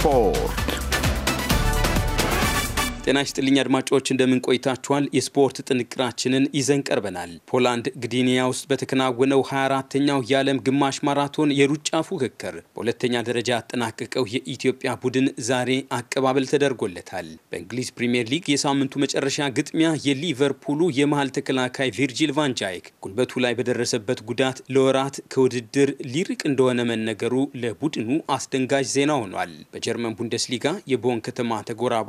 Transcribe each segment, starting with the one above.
four. ጤና ይስጥልኝ አድማጮች፣ እንደምን ቆይታችኋል? የስፖርት ጥንቅራችንን ይዘን ቀርበናል። ፖላንድ ግዲኒያ ውስጥ በተከናወነው 24ተኛው የዓለም ግማሽ ማራቶን የሩጫ ፉክክር በሁለተኛ ደረጃ ያጠናቀቀው የኢትዮጵያ ቡድን ዛሬ አቀባበል ተደርጎለታል። በእንግሊዝ ፕሪምየር ሊግ የሳምንቱ መጨረሻ ግጥሚያ የሊቨርፑሉ የመሃል ተከላካይ ቪርጂል ቫንጃይክ ጉልበቱ ላይ በደረሰበት ጉዳት ለወራት ከውድድር ሊርቅ እንደሆነ መነገሩ ለቡድኑ አስደንጋጭ ዜና ሆኗል። በጀርመን ቡንደስሊጋ የቦን ከተማ ተጎራባቿ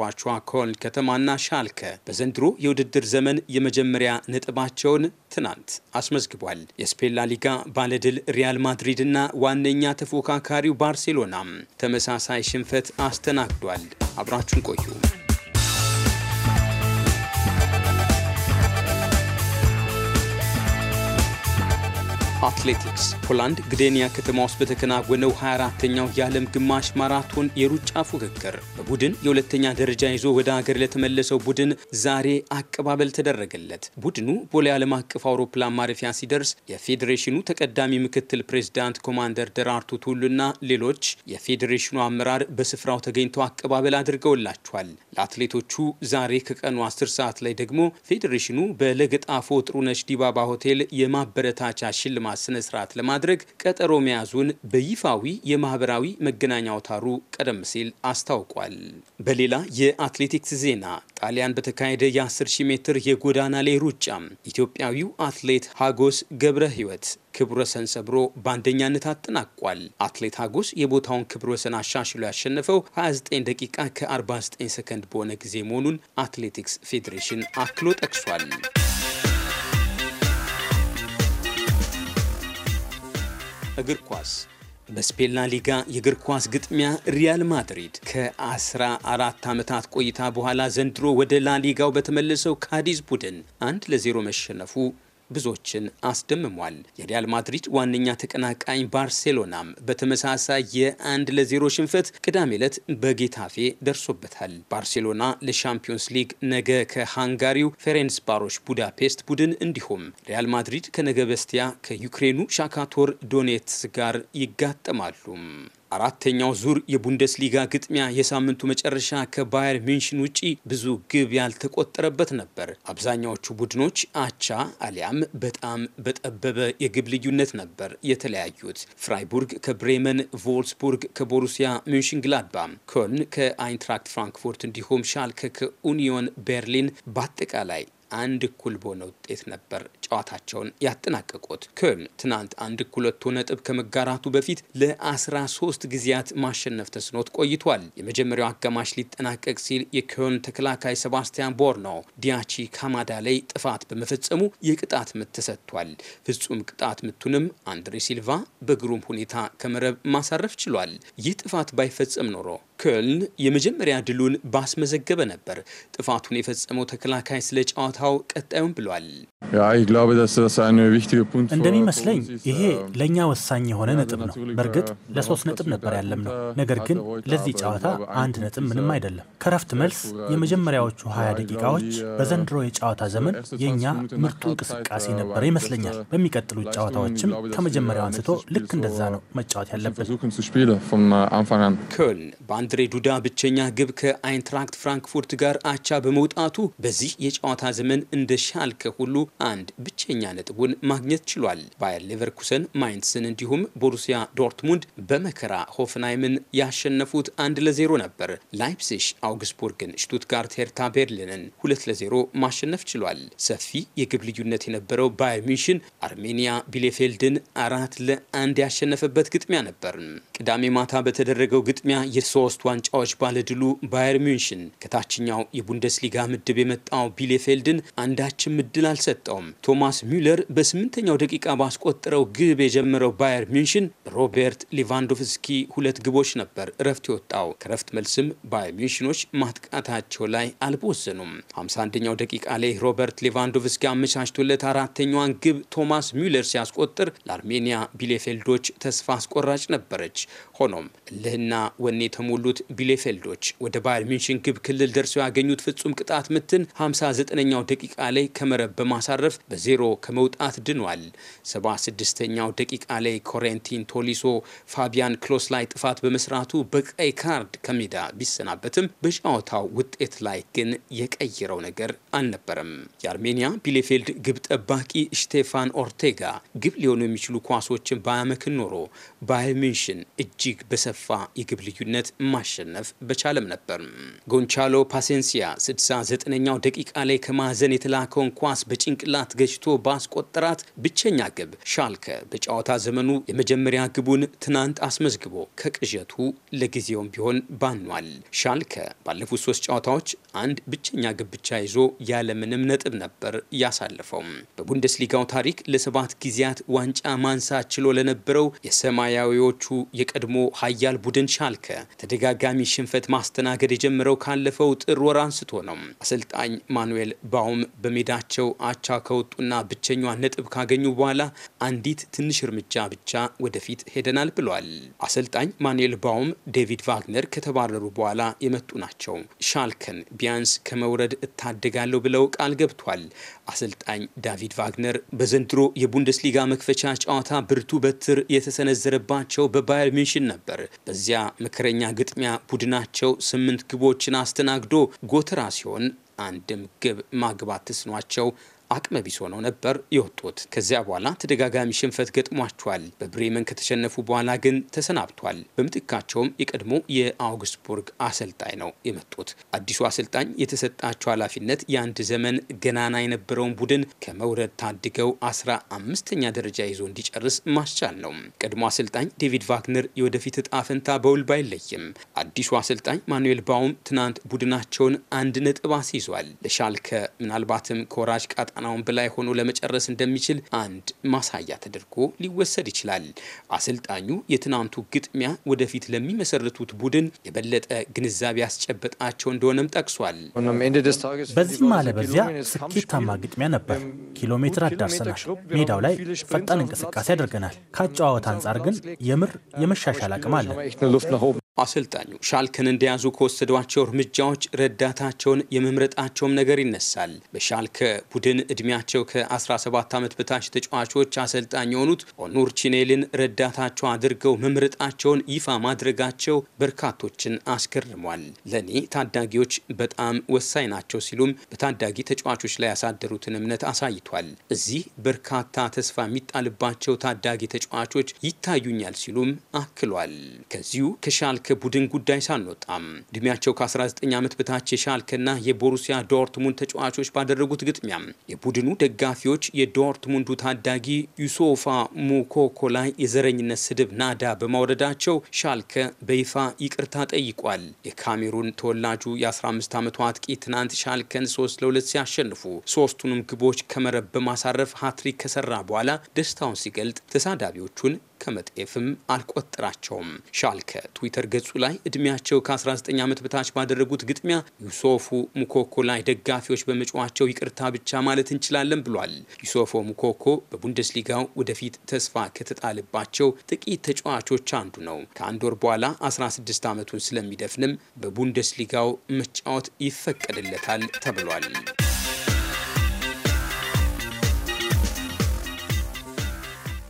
ኮል ከተማና ሻልከ በዘንድሮ የውድድር ዘመን የመጀመሪያ ነጥባቸውን ትናንት አስመዝግቧል። የስፔን ላሊጋ ባለድል ሪያል ማድሪድ ና ዋነኛ ተፎካካሪው ባርሴሎና ተመሳሳይ ሽንፈት አስተናግዷል። አብራችሁን ቆዩ። አትሌቲክስ ፖላንድ ግዴንያ ከተማ ውስጥ በተከናወነው 24ተኛው የዓለም ግማሽ ማራቶን የሩጫ ፉክክር በቡድን የሁለተኛ ደረጃ ይዞ ወደ ሀገር ለተመለሰው ቡድን ዛሬ አቀባበል ተደረገለት። ቡድኑ ቦሌ ዓለም አቀፍ አውሮፕላን ማረፊያ ሲደርስ የፌዴሬሽኑ ተቀዳሚ ምክትል ፕሬዝዳንት ኮማንደር ደራርቱ ቱሉና ሌሎች የፌዴሬሽኑ አመራር በስፍራው ተገኝተው አቀባበል አድርገውላቸዋል። ለአትሌቶቹ ዛሬ ከቀኑ 10 ሰዓት ላይ ደግሞ ፌዴሬሽኑ በለገጣፎ ጥሩነሽ ዲባባ ሆቴል የማበረታቻ ሽልማት የሽልማት ስነ ስርዓት ለማድረግ ቀጠሮ መያዙን በይፋዊ የማህበራዊ መገናኛ አውታሩ ቀደም ሲል አስታውቋል። በሌላ የአትሌቲክስ ዜና ጣሊያን በተካሄደ የ10,000 ሜትር የጎዳና ላይ ሩጫ ኢትዮጵያዊው አትሌት ሀጎስ ገብረ ሕይወት ክብረ ወሰን ሰብሮ በአንደኛነት አጠናቋል። አትሌት ሀጎስ የቦታውን ክብረ ወሰን አሻሽሎ ያሸነፈው 29 ደቂቃ ከ49 ሰከንድ በሆነ ጊዜ መሆኑን አትሌቲክስ ፌዴሬሽን አክሎ ጠቅሷል። እግር ኳስ በስፔን ላ ሊጋ የእግር ኳስ ግጥሚያ ሪያል ማድሪድ ከ14 ዓመታት ቆይታ በኋላ ዘንድሮ ወደ ላሊጋው በተመለሰው ካዲዝ ቡድን አንድ ለዜሮ መሸነፉ ብዙዎችን አስደምሟል። የሪያል ማድሪድ ዋነኛ ተቀናቃኝ ባርሴሎናም በተመሳሳይ የአንድ ለዜሮ ሽንፈት ቅዳሜ ዕለት በጌታፌ ደርሶበታል። ባርሴሎና ለሻምፒዮንስ ሊግ ነገ ከሃንጋሪው ፌሬንስ ባሮች ቡዳፔስት ቡድን እንዲሁም ሪያል ማድሪድ ከነገ በስቲያ ከዩክሬኑ ሻካቶር ዶኔትስ ጋር ይጋጠማሉ። አራተኛው ዙር የቡንደስሊጋ ግጥሚያ የሳምንቱ መጨረሻ ከባየር ሚንሽን ውጪ ብዙ ግብ ያልተቆጠረበት ነበር። አብዛኛዎቹ ቡድኖች አቻ አሊያም በጣም በጠበበ የግብ ልዩነት ነበር የተለያዩት። ፍራይቡርግ ከብሬመን፣ ቮልስቡርግ ከቦሩሲያ ሚንሽን ግላድባ፣ ኮልን ከአይንትራክት ፍራንክፉርት እንዲሁም ሻልከ ከኡኒዮን ቤርሊን በአጠቃላይ አንድ እኩል በሆነ ውጤት ነበር ጨዋታቸውን ያጠናቀቁት። ኮልን ትናንት አንድ እኩል ወጥቶ ነጥብ ከመጋራቱ በፊት ለ13 ጊዜያት ማሸነፍ ተስኖት ቆይቷል። የመጀመሪያው አጋማሽ ሊጠናቀቅ ሲል የኮልን ተከላካይ ሰባስቲያን ቦርኖ ዲያቺ ካማዳ ላይ ጥፋት በመፈጸሙ የቅጣት ምት ተሰጥቷል። ፍጹም ቅጣት ምቱንም አንድሬ ሲልቫ በግሩም ሁኔታ ከመረብ ማሳረፍ ችሏል። ይህ ጥፋት ባይፈጸም ኖሮ ኮልን የመጀመሪያ ድሉን ባስመዘገበ ነበር ጥፋቱን የፈጸመው ተከላካይ ስለ ጨዋታው ቀጣዩን ብሏል። እንደሚመስለኝ ይሄ ለእኛ ወሳኝ የሆነ ነጥብ ነው። በእርግጥ ለሶስት ነጥብ ነበር ያለም ነው። ነገር ግን ለዚህ ጨዋታ አንድ ነጥብ ምንም አይደለም። ከረፍት መልስ የመጀመሪያዎቹ 20 ደቂቃዎች በዘንድሮ የጨዋታ ዘመን የእኛ ምርጡ እንቅስቃሴ ነበረ ይመስለኛል። በሚቀጥሉት ጨዋታዎችም ከመጀመሪያው አንስቶ ልክ እንደዛ ነው መጫወት ያለብን። ክöln የአንድሬ ዱዳ ብቸኛ ግብ ከአይንትራክት ፍራንክፉርት ጋር አቻ በመውጣቱ በዚህ የጨዋታ ዘመን እንደ ሻልከ ሁሉ አንድ ብቸኛ ነጥቡን ማግኘት ችሏል። ባየር ሌቨርኩሰን ማይንስን፣ እንዲሁም ቦሩሲያ ዶርትሙንድ በመከራ ሆፍንሃይምን ያሸነፉት አንድ ለዜሮ ነበር። ላይፕሲሽ አውግስቡርግን፣ ሽቱትጋርት ሄርታ ቤርሊንን ሁለት ለዜሮ ማሸነፍ ችሏል። ሰፊ የግብ ልዩነት የነበረው ባየር ሚንሽን አርሜኒያ ቢሌፌልድን አራት ለአንድ ያሸነፈበት ግጥሚያ ነበር። ቅዳሜ ማታ በተደረገው ግጥሚያ የሶስቱ ሶስት ዋንጫዎች ባለድሉ ባየር ሚንሽን ከታችኛው የቡንደስሊጋ ምድብ የመጣው ቢሌፌልድን አንዳችም እድል አልሰጠውም። ቶማስ ሚለር በስምንተኛው ደቂቃ ባስቆጠረው ግብ የጀመረው ባየር ሚንሽን ሮቤርት ሊቫንዶቭስኪ ሁለት ግቦች ነበር እረፍት የወጣው። ከረፍት መልስም ባየር ሚንሽኖች ማጥቃታቸው ላይ አልበወሰኑም 51 51ኛው ደቂቃ ላይ ሮበርት ሌቫንዶቭስኪ አመቻችቶለት አራተኛዋን ግብ ቶማስ ሚለር ሲያስቆጥር ለአርሜኒያ ቢሌፌልዶች ተስፋ አስቆራጭ ነበረች። ሆኖም እልህና ወኔ ተሙ የሞሉት ቢሌፌልዶች ወደ ባየር ሚንሽን ግብ ክልል ደርሰው ያገኙት ፍጹም ቅጣት ምትን 59ኛው ደቂቃ ላይ ከመረብ በማሳረፍ በዜሮ ከመውጣት ድኗል። 76ኛው ደቂቃ ላይ ኮሬንቲን ቶሊሶ ፋቢያን ክሎስ ላይ ጥፋት በመስራቱ በቀይ ካርድ ከሜዳ ቢሰናበትም በጨዋታው ውጤት ላይ ግን የቀየረው ነገር አልነበረም። የአርሜኒያ ቢሌፌልድ ግብ ጠባቂ ስቴፋን ኦርቴጋ ግብ ሊሆኑ የሚችሉ ኳሶችን ባያመክን ኖሮ ባየር ሚንሽን እጅግ በሰፋ የግብ ልዩነት ማሸነፍ በቻለም ነበር። ጎንቻሎ ፓሴንሲያ 69ኛው ደቂቃ ላይ ከማዕዘን የተላከውን ኳስ በጭንቅላት ገጭቶ ባስቆጠራት ብቸኛ ግብ ሻልከ በጨዋታ ዘመኑ የመጀመሪያ ግቡን ትናንት አስመዝግቦ ከቅዠቱ ለጊዜውም ቢሆን ባኗል። ሻልከ ባለፉት ሶስት ጨዋታዎች አንድ ብቸኛ ግብ ብቻ ይዞ ያለምንም ነጥብ ነበር ያሳለፈው። በቡንደስሊጋው ታሪክ ለሰባት ጊዜያት ዋንጫ ማንሳት ችሎ ለነበረው የሰማያዊዎቹ የቀድሞ ኃያል ቡድን ሻልከ ተደ ተደጋጋሚ ሽንፈት ማስተናገድ የጀመረው ካለፈው ጥር ወር አንስቶ ነው። አሰልጣኝ ማኑኤል ባውም በሜዳቸው አቻ ከወጡና ብቸኛ ነጥብ ካገኙ በኋላ አንዲት ትንሽ እርምጃ ብቻ ወደፊት ሄደናል ብሏል። አሰልጣኝ ማኑኤል ባውም ዴቪድ ቫግነር ከተባረሩ በኋላ የመጡ ናቸው። ሻልከን ቢያንስ ከመውረድ እታደጋለሁ ብለው ቃል ገብቷል። አሰልጣኝ ዳቪድ ቫግነር በዘንድሮ የቡንደስሊጋ መክፈቻ ጨዋታ ብርቱ በትር የተሰነዘረባቸው በባየር ሚንሽን ነበር። በዚያ ምክረኛ ግጥ ግጥሚያ ቡድናቸው ስምንት ግቦችን አስተናግዶ ጎተራ ሲሆን አንድም ግብ ማግባት ተስኗቸው አቅመ ቢስ ሆነው ነበር የወጡት። ከዚያ በኋላ ተደጋጋሚ ሽንፈት ገጥሟቸዋል። በብሬመን ከተሸነፉ በኋላ ግን ተሰናብቷል። በምትካቸውም የቀድሞ የአውግስቡርግ አሰልጣኝ ነው የመጡት። አዲሱ አሰልጣኝ የተሰጣቸው ኃላፊነት የአንድ ዘመን ገናና የነበረውን ቡድን ከመውረድ ታድገው አስራ አምስተኛ ደረጃ ይዞ እንዲጨርስ ማስቻል ነው። ቀድሞ አሰልጣኝ ዴቪድ ቫግነር የወደፊት እጣ ፈንታ በውል ባይለይም አዲሱ አሰልጣኝ ማኑኤል ባውም ትናንት ቡድናቸውን አንድ ነጥብ አስይዟል። ለሻልከ ምናልባትም ከወራጅ ቃጣ ስልጠናውን በላይ ሆኖ ለመጨረስ እንደሚችል አንድ ማሳያ ተደርጎ ሊወሰድ ይችላል። አሰልጣኙ የትናንቱ ግጥሚያ ወደፊት ለሚመሰርቱት ቡድን የበለጠ ግንዛቤ ያስጨበጣቸው እንደሆነም ጠቅሷል። በዚህም አለ በዚያ ስኬታማ ግጥሚያ ነበር። ኪሎ ሜትር አዳርሰናል። ሜዳው ላይ ፈጣን እንቅስቃሴ አድርገናል። ከአጨዋወት አንጻር ግን የምር የመሻሻል አቅም አለ። አሰልጣኙ ሻልከን እንደያዙ ከወሰዷቸው እርምጃዎች ረዳታቸውን የመምረጣቸውም ነገር ይነሳል። በሻልከ ቡድን እድሜያቸው ከ17 ዓመት በታች ተጫዋቾች አሰልጣኝ የሆኑት ኦኑር ቺኔልን ረዳታቸው አድርገው መምረጣቸውን ይፋ ማድረጋቸው በርካቶችን አስገርሟል። ለእኔ ታዳጊዎች በጣም ወሳኝ ናቸው ሲሉም በታዳጊ ተጫዋቾች ላይ ያሳደሩትን እምነት አሳይቷል። እዚህ በርካታ ተስፋ የሚጣልባቸው ታዳጊ ተጫዋቾች ይታዩኛል ሲሉም አክሏል። ከዚሁ ከሻልከ ከቡድን ጉዳይ ሳንወጣም እድሜያቸው ከ19 ዓመት በታች የሻልከና የቦሩሲያ ዶርትሙንድ ተጫዋቾች ባደረጉት ግጥሚያ የቡድኑ ደጋፊዎች የዶርትሙንዱ ታዳጊ ዩሶፋ ሙኮኮ ላይ የዘረኝነት ስድብ ናዳ በማውረዳቸው ሻልከ በይፋ ይቅርታ ጠይቋል። የካሜሩን ተወላጁ የ15 ዓመቱ አጥቂ ትናንት ሻልከን 3 ለ2 ሲያሸንፉ ሶስቱንም ግቦች ከመረብ በማሳረፍ ሀትሪክ ከሰራ በኋላ ደስታውን ሲገልጥ ተሳዳቢዎቹን ከመጤፍም አልቆጠራቸውም። ሻልከ ትዊተር ገጹ ላይ እድሜያቸው ከ19 ዓመት በታች ባደረጉት ግጥሚያ ዩሶፉ ሙኮኮ ላይ ደጋፊዎች በመጫዋቸው ይቅርታ ብቻ ማለት እንችላለን ብሏል። ዩሶፎ ሙኮኮ በቡንደስሊጋው ወደፊት ተስፋ ከተጣለባቸው ጥቂት ተጫዋቾች አንዱ ነው። ከአንድ ወር በኋላ 16 ዓመቱን ስለሚደፍንም በቡንደስሊጋው መጫወት ይፈቀድለታል ተብሏል።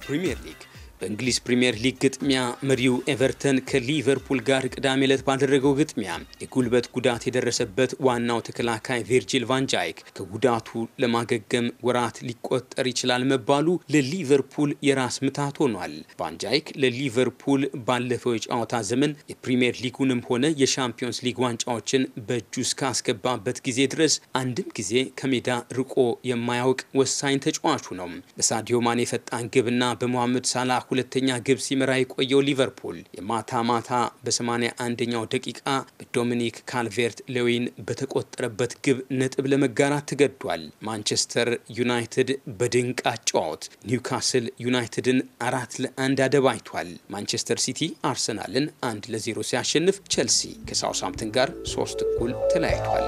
ፕሪምየር ሊግ በእንግሊዝ ፕሪምየር ሊግ ግጥሚያ መሪው ኤቨርተን ከሊቨርፑል ጋር ቅዳሜ ዕለት ባደረገው ግጥሚያ የጉልበት ጉዳት የደረሰበት ዋናው ተከላካይ ቪርጂል ቫንጃይክ ከጉዳቱ ለማገገም ወራት ሊቆጠር ይችላል መባሉ ለሊቨርፑል የራስ ምታት ሆኗል። ቫንጃይክ ለሊቨርፑል ባለፈው የጨዋታ ዘመን የፕሪምየር ሊጉንም ሆነ የሻምፒዮንስ ሊግ ዋንጫዎችን በእጁ እስካስገባበት ጊዜ ድረስ አንድም ጊዜ ከሜዳ ርቆ የማያውቅ ወሳኝ ተጫዋቹ ነው። በሳዲዮ ማኔ ፈጣን ግብና በሞሐመድ ሳላ ሁለተኛ ግብ ሲመራ የቆየው ሊቨርፑል የማታ ማታ በ አንደኛው ደቂቃ በዶሚኒክ ካልቬርት ሌዊን በተቆጠረበት ግብ ነጥብ ለመጋራት ተገዷል። ማንቸስተር ዩናይትድ በድንቅ አጫወት ኒውካስል ዩናይትድን አራት ለአንድ አደባይቷል። ማንቸስተር ሲቲ አርሰናልን አንድ ለዜሮ ሲያሸንፍ ቸልሲ ከሳውስሃምፕተን ጋር ሶስት እኩል ተለያይቷል።